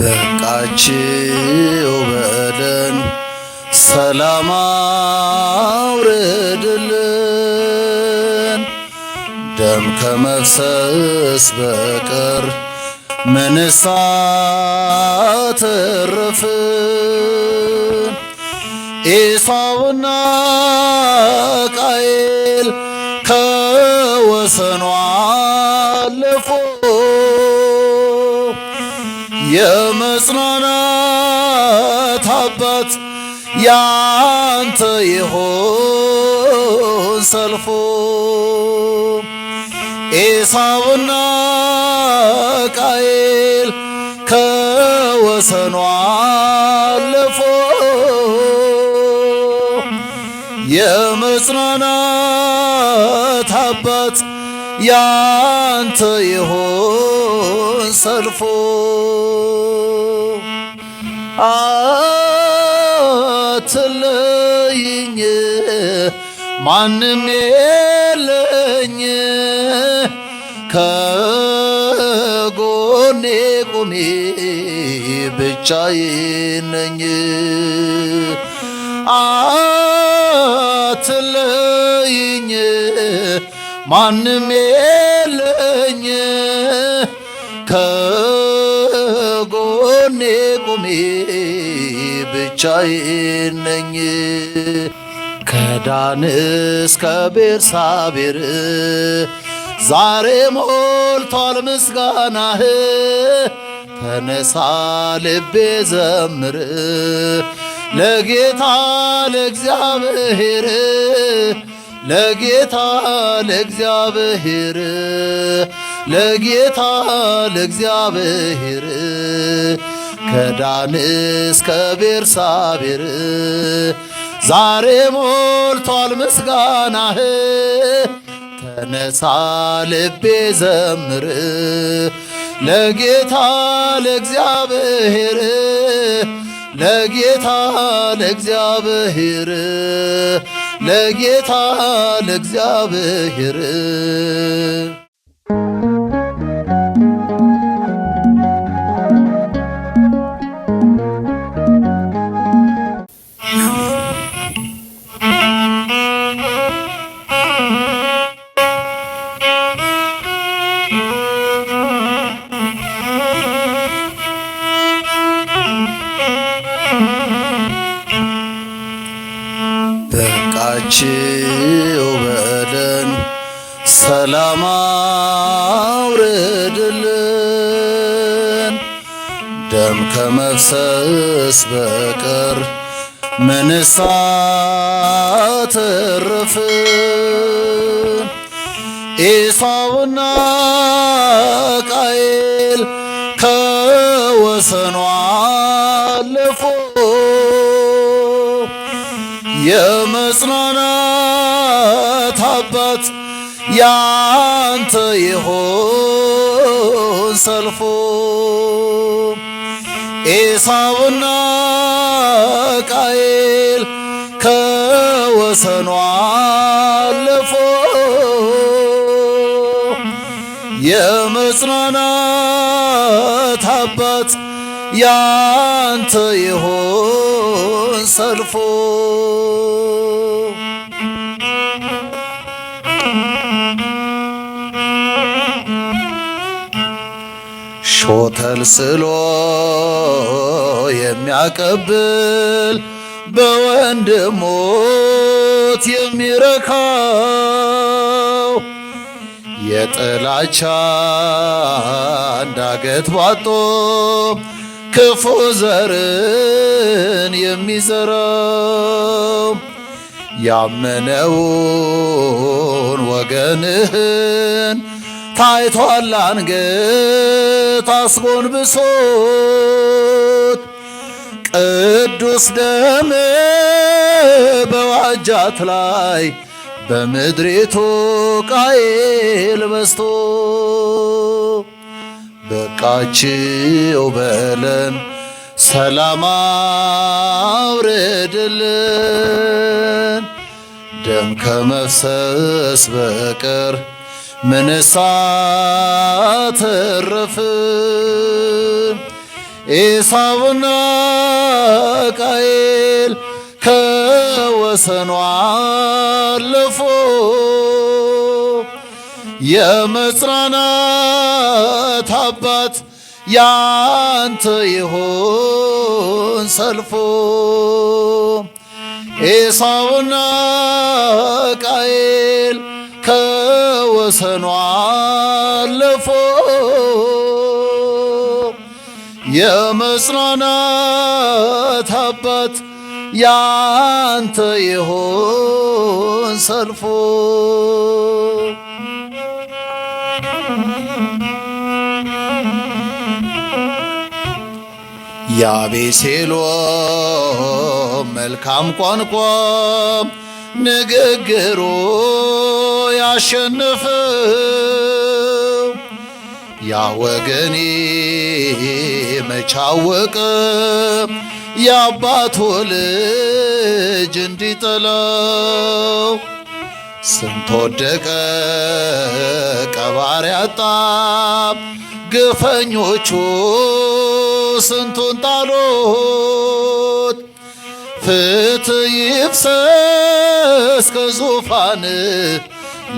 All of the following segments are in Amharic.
በቃችው በለን ሰላም አውርድልን ደም ከመፍሰስ በቀር ምንስ አተረፍን? ኤሳውና ቃኤል ከወሰኗ መጽናናት አባት ያንተ ይሁን ሰልፎ ኤሳውና ቃኤል ከወሰኑ አለፎ የመጽናናት አባት ያንተ ይሁን ሰልፎ አትለይኝ ማንም የለኝ ከጎኔ ቁሜ ብቻዬን ነኝ አትለይኝ ማንም የለኝ ከጎኔ ቆሜ ብቻዬን ነኝ። ከዳን እስከ ቤርሳቤር ዛሬ ሞልቷል ምስጋናህ። ተነሳ ልቤ ዘምር ለጌታ ለእግዚአብሔር ለጌታ ለእግዚአብሔር ለጌታ ለእግዚአብሔር ከዳን እስከ ቤርሳቤር ዛሬ ሞልቷል ምስጋናህ። ተነሳ ልቤ ዘምር ለጌታ ለእግዚአብሔር ለጌታ ለእግዚአብሔር ለጌታ ለእግዚአብሔር በቃችው በለን ሰላም አውርድልን ደም ከመፍሰስ በቀር ምንሳ ተረፍን ኢሳውና ቃኤል ከወሰኗ መጽናናት አባት ያንተ ይሆን ሰልፉ ኤሳውና ቃኤል ከወሰኗ አለፎ የመጽናናት አባት ያንተ ይሆን ሰልፎ ሾተል ስሎ የሚያቀብል በወንድሞት የሚረካው የጥላቻ እንዳገት ባጦ ክፉ ዘርን የሚዘራው ያመነውን ወገንህን ታይቷል አንገት አስጎንብሶት ቅዱስ ደም በዋጃት ላይ በምድሪቱ ቃየል በስቶ በቃችው በለን ሰላም አውርድልን ደም ከመፍሰስ በቀር ምንሳ ተረፍ ኤሳውና ቃኤል ከወሰኗ አለፎ የመጽናናት አባት ያንተ ይሆን ሰልፎ ኤሳውና ቃኤል ወሰኗ አለፎ የመጽናናት አባት ያንተ ይሆን ሰልፎ ያቤሴሎም መልካም ቋንቋም ንግግሩ ያሸንፈው ያ ወገኔ መቻወቀ የአባቱ ልጅ እንዲጥለው ስንት ወደቀ ቀባሪ አጣ ግፈኞቹ ስንቱን ጣሉት። ፍትህ እስከ ከዙፋን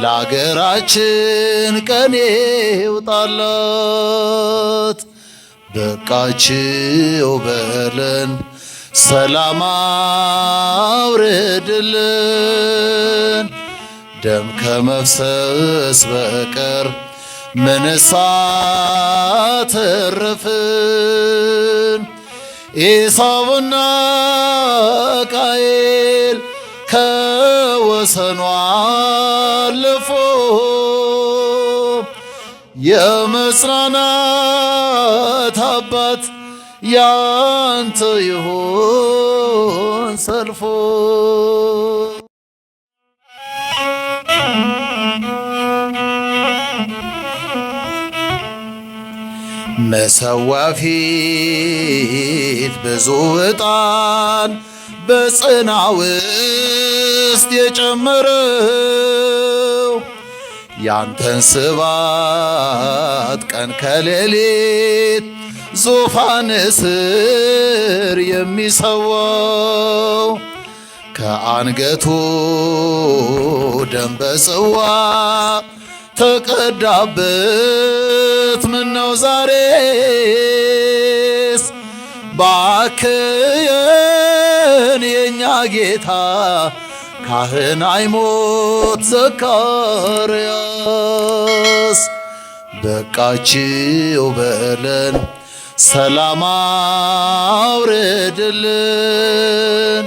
ለአገራችን ቀኔ ይውጣላት፣ በቃችው በለን ሰላም አውርድልን። ደም ከመፍሰስ በቀር ምንሳ ተረፍን? ኤሳውና ከ سنو عالفو يا مسرانا تابات يا انت يهون سلفو مسوا فيت بزوطان بصنعوي እስቲ የጨመረው ያንተን ስባት ቀን ከሌሊት ዙፋን ስር የሚሰዋው ከአንገቱ ደም በጽዋ ተቀዳበት ምነው ዛሬስ ባክየን የእኛ ጌታ ካህን አይሞት ዘካርያስ በቃችው በለን ሰላም አውርድልን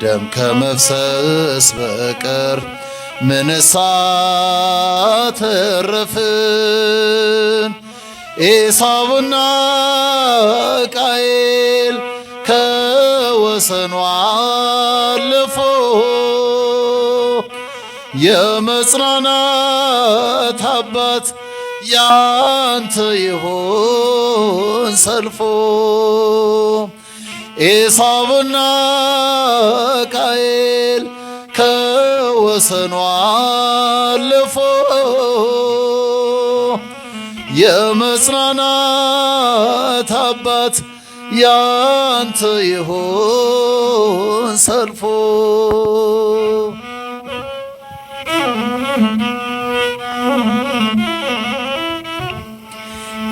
ደም ከመፍሰስ በቀር ምንሳ ተረፍን ኤሳብና ቃኤል ከወሰኗ አልፎ የመጽናናት አባት ያንተ ይሆን ሰልፎ ኤሳብና ቃኤል ከወሰኑ አልፎ የመጽናናት አባት ያንተ ይሁን ሰልፎ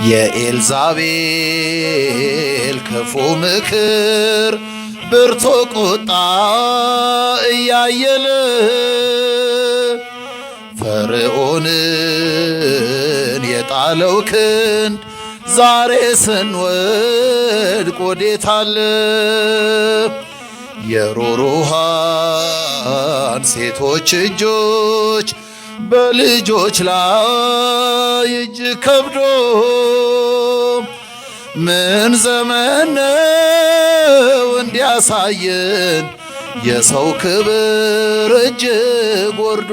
የኤልዛቤል ክፉ ምክር ብርቱ ቁጣ እያየለ ፈርዖንን የጣለው ክንድ ዛሬ ስንወድቅ ወዴታለ? የሮሮሃን ሴቶች እጆች በልጆች ላይ እጅ ከብዶ ምን ዘመን ነው እንዲያሳየን የሰው ክብር እጅግ ወርዶ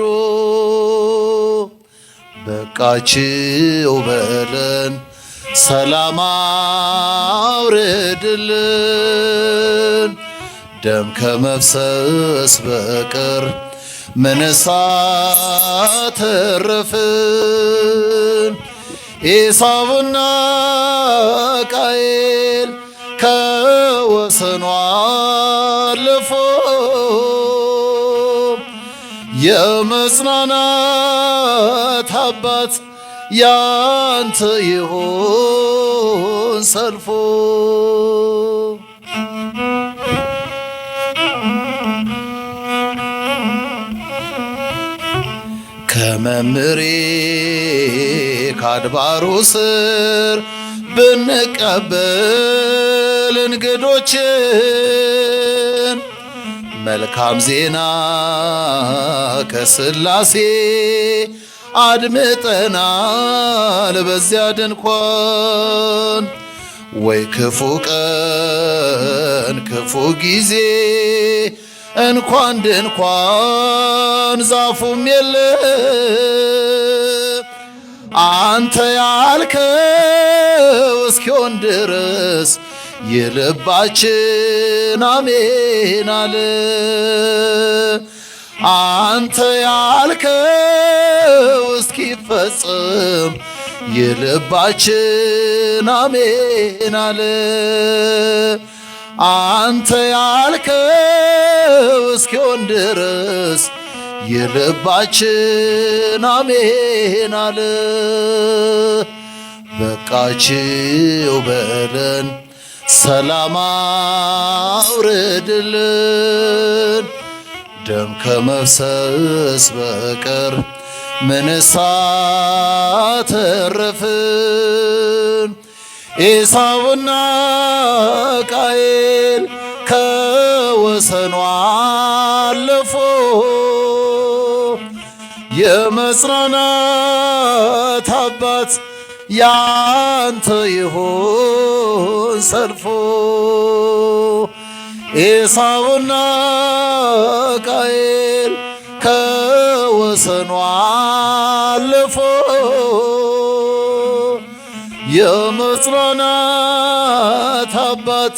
በቃችው በለን ሰላም አውርድልን ደም ከመፍሰስ በቀር ምንሳት ርፍን ኢሳብና ቃኤል ከወሰኗ አልፎ የመጽናናት አባት ያንተ ይሆን ሰልፎ ከመምሬ ካድባሩ ስር ብንቀበል እንግዶችን መልካም ዜና ከስላሴ አድምጠናል በዚያ ድንኳን። ወይ ክፉ ቀን ክፉ ጊዜ እንኳን ድንኳን ዛፉም የለ አንተ ያልከው እስኪሆን ድረስ የልባችን አሜን አለ። አንተ ያልከው እስኪፈጽም የልባችን አሜን አለ። አንተ ያልከው እስኪሆን ድረስ የልባችን አሜን አለ። በቃችው በለን ሰላም አውርድልን ደም ከመፍሰስ በቀር ምን ተረፍን። ኢሳውና ቃኤል ከወሰኗ የመጽናናት አባት ያንተ ይሁን ሰልፎ ኤሳውና ቃኤል ከወሰኗ አልፎ የመጽናናት አባት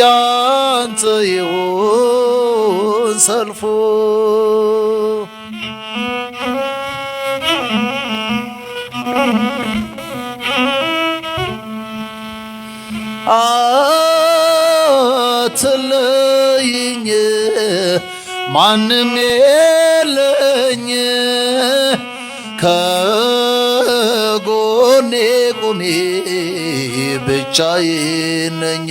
ያንተ ይሆን ሰልፎ ማንም የለኝ ከጎኔ ቁሜ ብቻዬ ነኝ።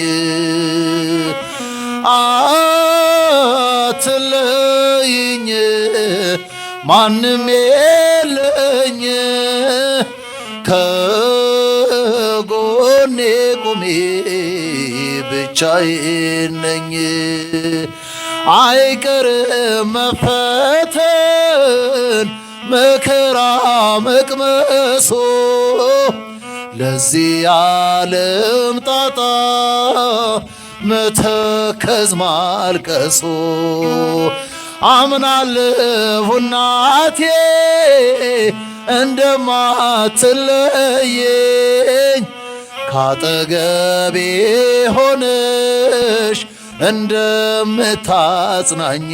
አትለይኝ ማንም የለኝ ከጎኔ ቁሜ ብቻዬ ነኝ። አይቀርም መፈተን መከራ መቅመሶ ለዚህ ዓለም ጣጣ መተከዝ ማልቀሶ አምናለሁ እናቴ እንደማትለየኝ ካጠገቤ ሆነሽ እንደምታጽናኝኝ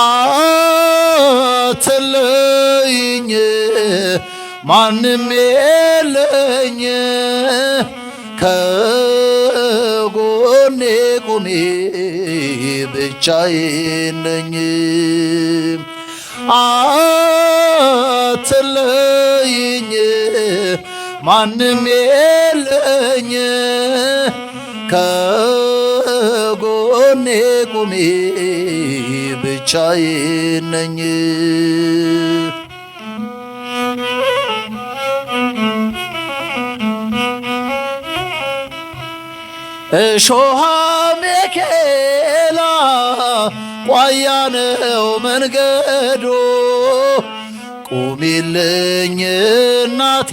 አትለይኝ፣ ማንም የለኝ ከጎኔ ቁሜ ብቻ ነኝ። አትለይኝ፣ ማንም የለኝ ከጎኔ ቁሚ ብቻዬን ነኝ። እሾሃ ሜኬላ ቋያ ነው መንገዶ ቁሚልኝ እናቴ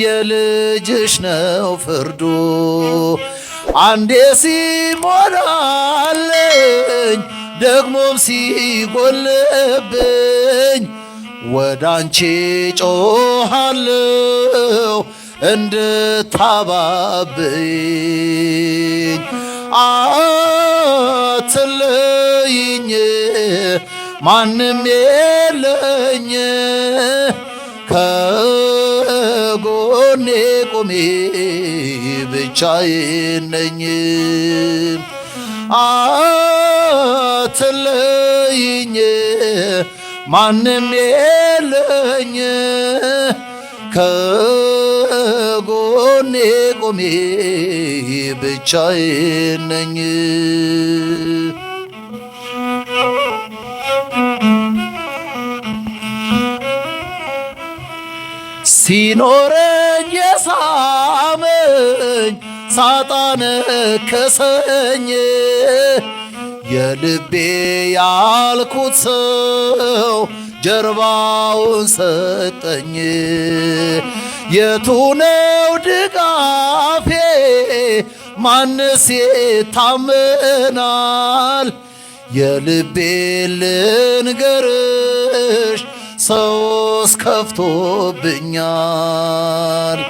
የልጅሽ ነው ፍርዱ። አንዴ ሲሞላልኝ ደግሞም ሲጎልብኝ ወደ አንቺ ጮሃለሁ እንድታባብኝ አትለይኝ ማንም የለኝ ጎኔ ቆሜ ብቻዬን ነኝ አትለይኝ ማንም የለኝ ከጎኔ ቆሜ ብቻዬን ነኝ። ሲኖረኝ ሳመኝ ሳጣን ከሰኝ የልቤ ያልኩት ሰው ጀርባውን ሰጠኝ። የቱነው ድጋፌ ማንስ ታምናል? የልቤ ልንገርሽ ሰውስ ከፍቶብኛል።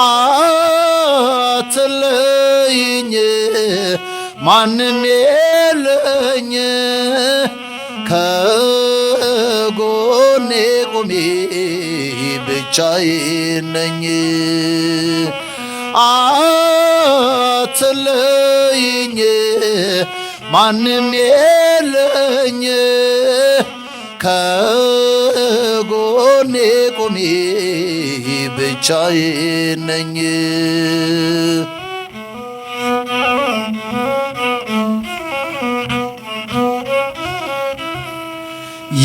አትለይኝ፣ ማንም የለኝ ከጎኔ ቁሜ ብቻ የነኝ አትለይኝ፣ ማንም የለኝ ከጎኔ ቆሜ ብቻዬን ነኝ።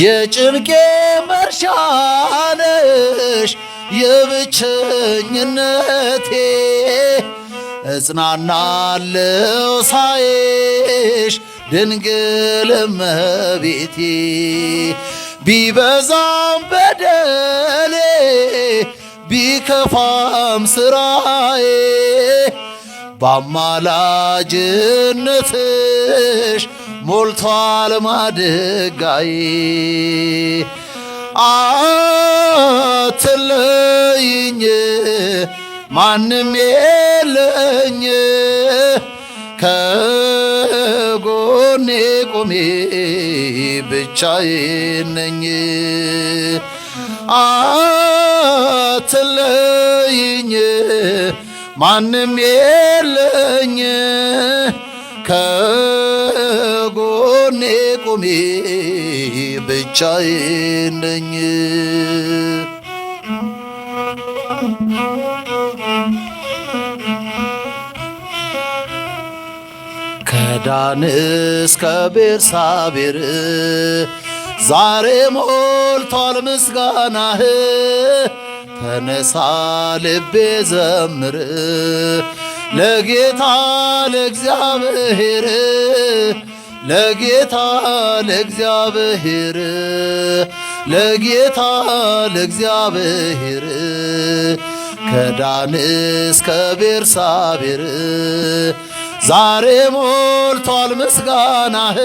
የጭንቄ መርሻነሽ የብቸኝነቴ እጽናናለው ሳይሽ ድንግል እመቤቴ ቢበዛም በደሌ ቢከፋም ስራዬ በአማላጅነትሽ ሞልቷል ማድጋዬ። አትለይኝ ማንም የለኝ ከጎኔ ቆሜ ብቻዬን ነኝ፣ አትለይኝ፣ ማንም የለኝ። ከጎኔ ቆሜ ብቻዬን ነኝ። ከዳን እስከ ቤርሳቤር ዛሬ ሞልቷል ምስጋናህ። ተነሳ ልቤ ዘምር ለጌታ ለእግዚአብሔር ለጌታ ለእግዚአብሔር ለጌታ ለእግዚአብሔር ከዳን እስከ ቤርሳቤር ዛሬ ሞልቷል ምስጋናህ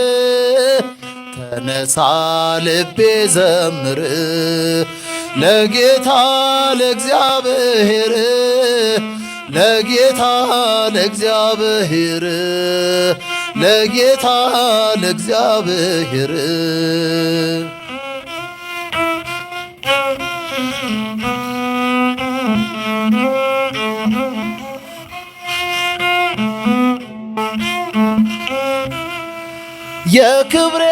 ተነሳ ልቤ ዘምር ለጌታ ለእግዚአብሔር ለጌታ ለእግዚአብሔር ለጌታ ለእግዚአብሔር የክብሬ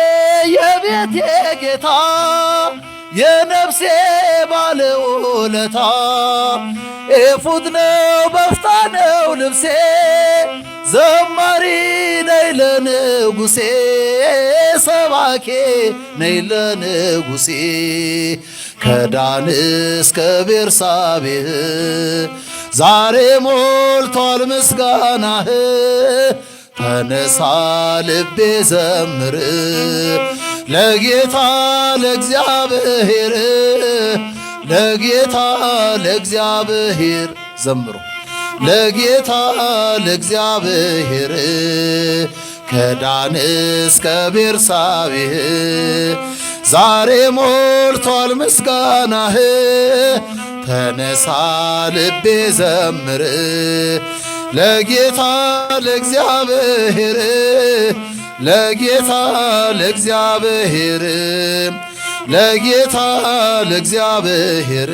የቤቴ ጌታ የነፍሴ ባለውለታ ኤፉድ ነው በፍታ ነው ልብሴ ዘማሪ ነይ ለንጉሴ ሰባኬ ነይ ለንጉሴ ከዳን እስከ ቤርሳቤህ ዛሬ ሞልቷል ምስጋናህ ተነሳ ልቤ ዘምር ለጌታ ለእግዚአብሔር ለጌታ ለእግዚአብሔር ዘምሮ ለጌታ ለእግዚአብሔር ከዳን እስከ ቤርሳቤህ ዛሬ ሞልቷል ምስጋናህ ተነሳ ልቤ ዘምር ለጌታ ለእግዚአብሔር ለጌታ ለእግዚአብሔር ለጌታ ለእግዚአብሔር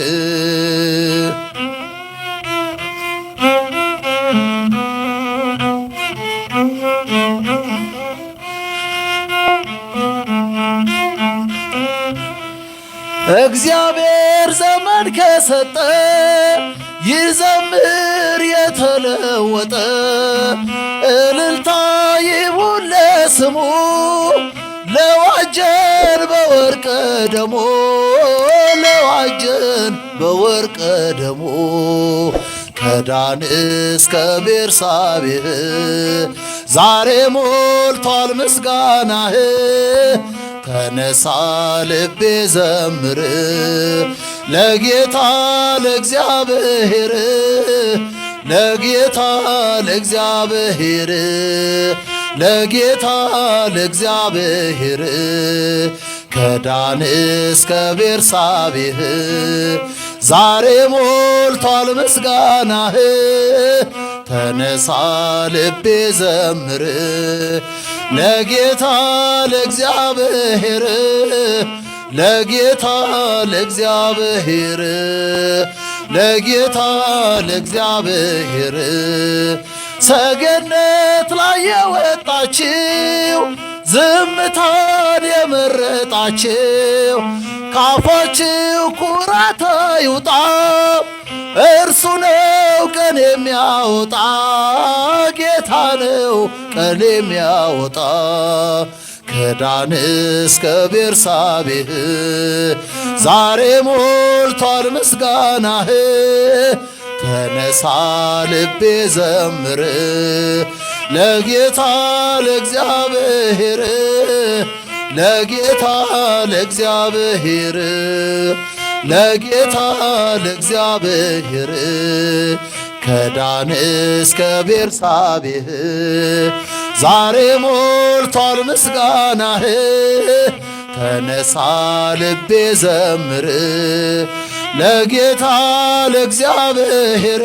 እግዚአብሔር ዘመን ከሰጠ ይዘምር ተለወጠ። እልልታ ይሁን ለስሙ ለዋጀን በወርቀ ደሞ ለዋጀን በወርቀ ደሞ ከዳን እስከ ቤርሳቤህ ዛሬ ሞልቷል ምስጋናህ። ተነሳ ልቤ ዘምር ለጌታ ለእግዚአብሔር ለጌታ ለእግዚአብሔር ለጌታ ለእግዚአብሔር ከዳን እስከ ቤርሳቤህ ዛሬ ሞልቷል ምስጋናህ። ተነሳ ልቤ ዘምር ለጌታ ለእግዚአብሔር ለጌታ ለእግዚአብሔር ለጌታ ለእግዚአብሔር ሰገነት ላይ የወጣችው ዝምታን የመረጣችው ካፋችው ኩራት ይውጣ፣ እርሱ ነው ቀን የሚያወጣ፣ ጌታ ነው ቀን የሚያወጣ ከዳን እስከ ቤርሳቤህ ዛሬ ሞልቷል ምስጋናህ። ተነሳ ልቤ ዘምር ለጌታ ለእግዚአብሔር ለጌታ ለእግዚአብሔር ለጌታ ለእግዚአብሔር ከዳን እስከ ቤርሳቤህ ዛሬ ሞልቷል ምስጋናህ ተነሳ ልቤ ዘምር ለጌታ ለእግዚአብሔር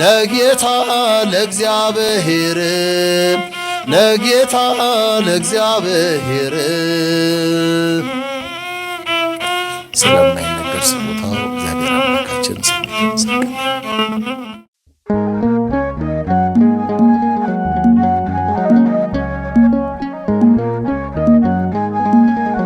ለጌታ ለእግዚአብሔር ለጌታ ለእግዚአብሔር ስለማይነገር ስጦታው እግዚአብሔር አምላካችን ስሜት